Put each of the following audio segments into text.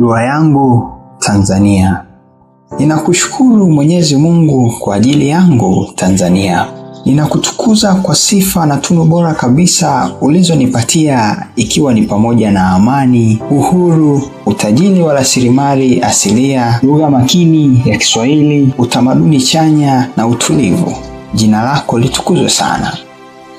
Dua yangu Tanzania. Ninakushukuru Mwenyezi Mungu kwa ajili yangu Tanzania. Ninakutukuza kwa sifa na tunu bora kabisa ulizonipatia ikiwa ni pamoja na amani, uhuru, utajiri wa rasilimali asilia, lugha makini ya Kiswahili, utamaduni chanya na utulivu. Jina lako litukuzwe sana.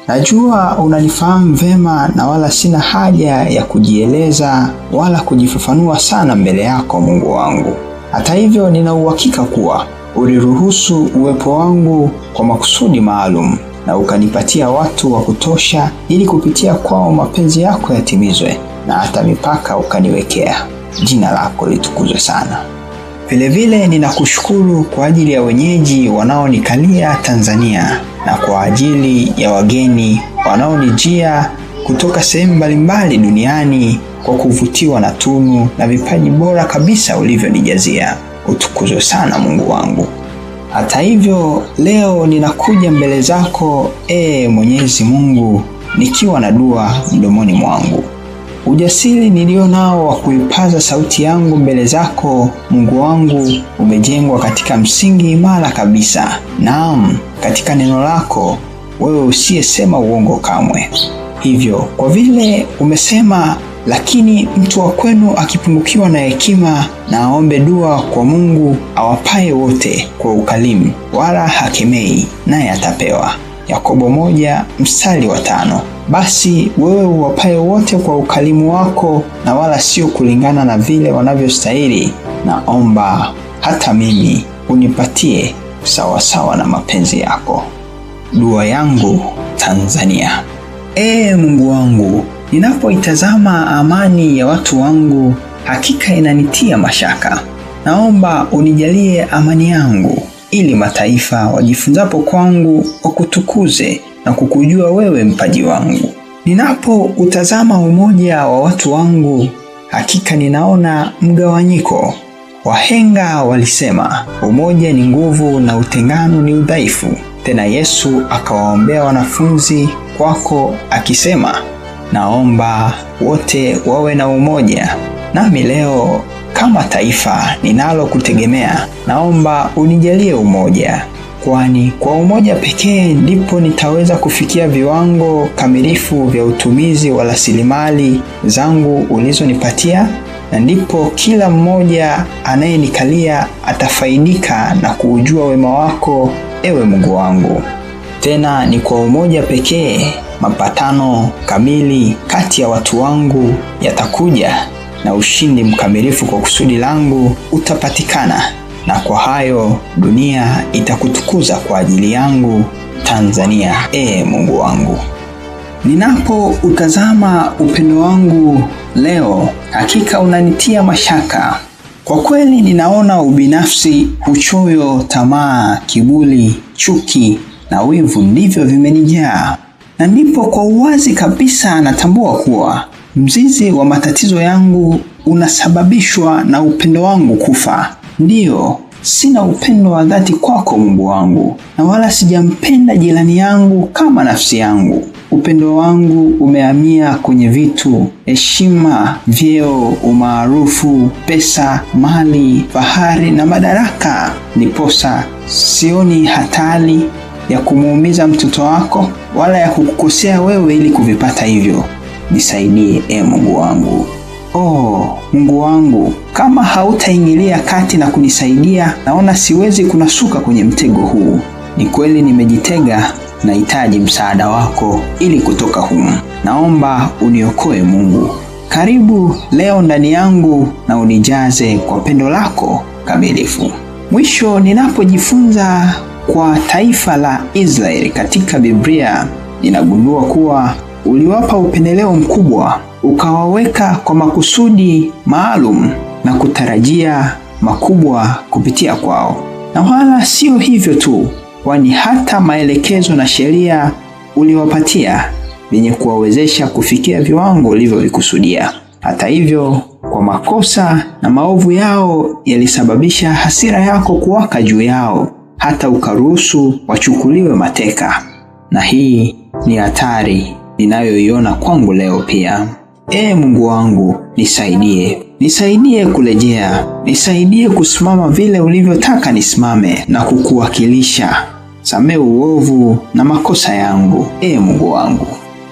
Najua unanifahamu vema na wala sina haja ya kujieleza wala kujifafanua sana mbele yako Mungu wangu. Hata hivyo, nina uhakika kuwa uliruhusu uwepo wangu kwa makusudi maalum na ukanipatia watu wa kutosha ili kupitia kwao mapenzi yako yatimizwe na hata mipaka ukaniwekea. Jina lako litukuzwe sana. Vilevile ninakushukuru kwa ajili ya wenyeji wanaonikalia Tanzania na kwa ajili ya wageni wanaonijia kutoka sehemu mbalimbali duniani kwa kuvutiwa na tunu na vipaji bora kabisa ulivyonijazia. Utukuzwe sana Mungu wangu. Hata hivyo, leo ninakuja mbele zako, ee Mwenyezi Mungu, nikiwa na dua mdomoni mwangu. Ujasiri nilio nao wa kuipaza sauti yangu mbele zako, Mungu wangu, umejengwa katika msingi imara kabisa. Naam, katika neno lako wewe usiyesema uongo kamwe. Hivyo kwa vile umesema, lakini mtu wa kwenu akipungukiwa na hekima, na aombe dua kwa Mungu awapaye wote kwa ukalimu, wala hakemei, naye atapewa. Yakobo moja mstari wa tano. Basi wewe uwapaye wote kwa ukarimu wako na wala sio kulingana na vile wanavyostahili, naomba hata mimi unipatie sawasawa sawa na mapenzi yako. Dua yangu Tanzania. Ee Mungu wangu, ninapoitazama amani ya watu wangu, hakika inanitia mashaka. Naomba unijalie amani yangu ili mataifa wajifunzapo kwangu wakutukuze na kukujua wewe mpaji wangu. Ninapoutazama umoja wa watu wangu, hakika ninaona mgawanyiko. Wahenga walisema umoja ni nguvu na utengano ni udhaifu. Tena Yesu akawaombea wanafunzi kwako akisema, naomba wote wawe na umoja nami leo kama taifa ninalokutegemea, naomba unijalie umoja, kwani kwa umoja pekee ndipo nitaweza kufikia viwango kamilifu vya utumizi wa rasilimali zangu ulizonipatia, na ndipo kila mmoja anayenikalia atafaidika na kuujua wema wako, ewe Mungu wangu. Tena ni kwa umoja pekee mapatano kamili kati ya watu wangu yatakuja na ushindi mkamilifu kwa kusudi langu utapatikana, na kwa hayo dunia itakutukuza kwa ajili yangu Tanzania, e Mungu wangu. Ninapoutazama upendo wangu leo, hakika unanitia mashaka. Kwa kweli ninaona ubinafsi, uchoyo, tamaa, kiburi, chuki na wivu ndivyo vimenijaa, na ndipo kwa uwazi kabisa natambua kuwa Mzizi wa matatizo yangu unasababishwa na upendo wangu kufa. Ndiyo, sina upendo wa dhati kwako Mungu wangu, na wala sijampenda jirani yangu kama nafsi yangu. Upendo wangu umehamia kwenye vitu, heshima, vyeo, umaarufu, pesa, mali, fahari na madaraka. posa sioni hatari ya kumuumiza mtoto wako wala ya kukukosea wewe ili kuvipata hivyo nisaidie e Mungu wangu. Oh, Mungu wangu, kama hautaingilia kati na kunisaidia, naona siwezi kunasuka kwenye mtego huu. Ni kweli nimejitega, nahitaji msaada wako ili kutoka humu. Naomba uniokoe Mungu. Karibu leo ndani yangu na unijaze kwa pendo lako kamilifu. Mwisho, ninapojifunza kwa taifa la Israeli katika Biblia, ninagundua kuwa uliwapa upendeleo mkubwa, ukawaweka kwa makusudi maalum na kutarajia makubwa kupitia kwao. Na wala sio hivyo tu, kwani hata maelekezo na sheria uliwapatia vyenye kuwawezesha kufikia viwango ulivyovikusudia. Hata hivyo, kwa makosa na maovu yao yalisababisha hasira yako kuwaka juu yao, hata ukaruhusu wachukuliwe mateka, na hii ni hatari ninayoiona kwangu leo pia. Ee Mungu wangu, nisaidie, nisaidie kurejea, nisaidie kusimama vile ulivyotaka nisimame na kukuwakilisha. Samehe uovu na makosa yangu, ee Mungu wangu.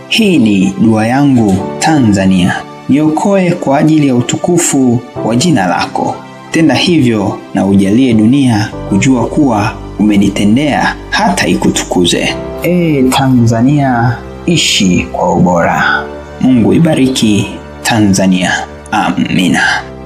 Hii ni dua yangu Tanzania. Niokoe kwa ajili ya utukufu wa jina lako. Tenda hivyo na ujalie dunia kujua kuwa umenitendea hata ikutukuze. Ee Tanzania ishi kwa ubora. Mungu ibariki Tanzania. Amina.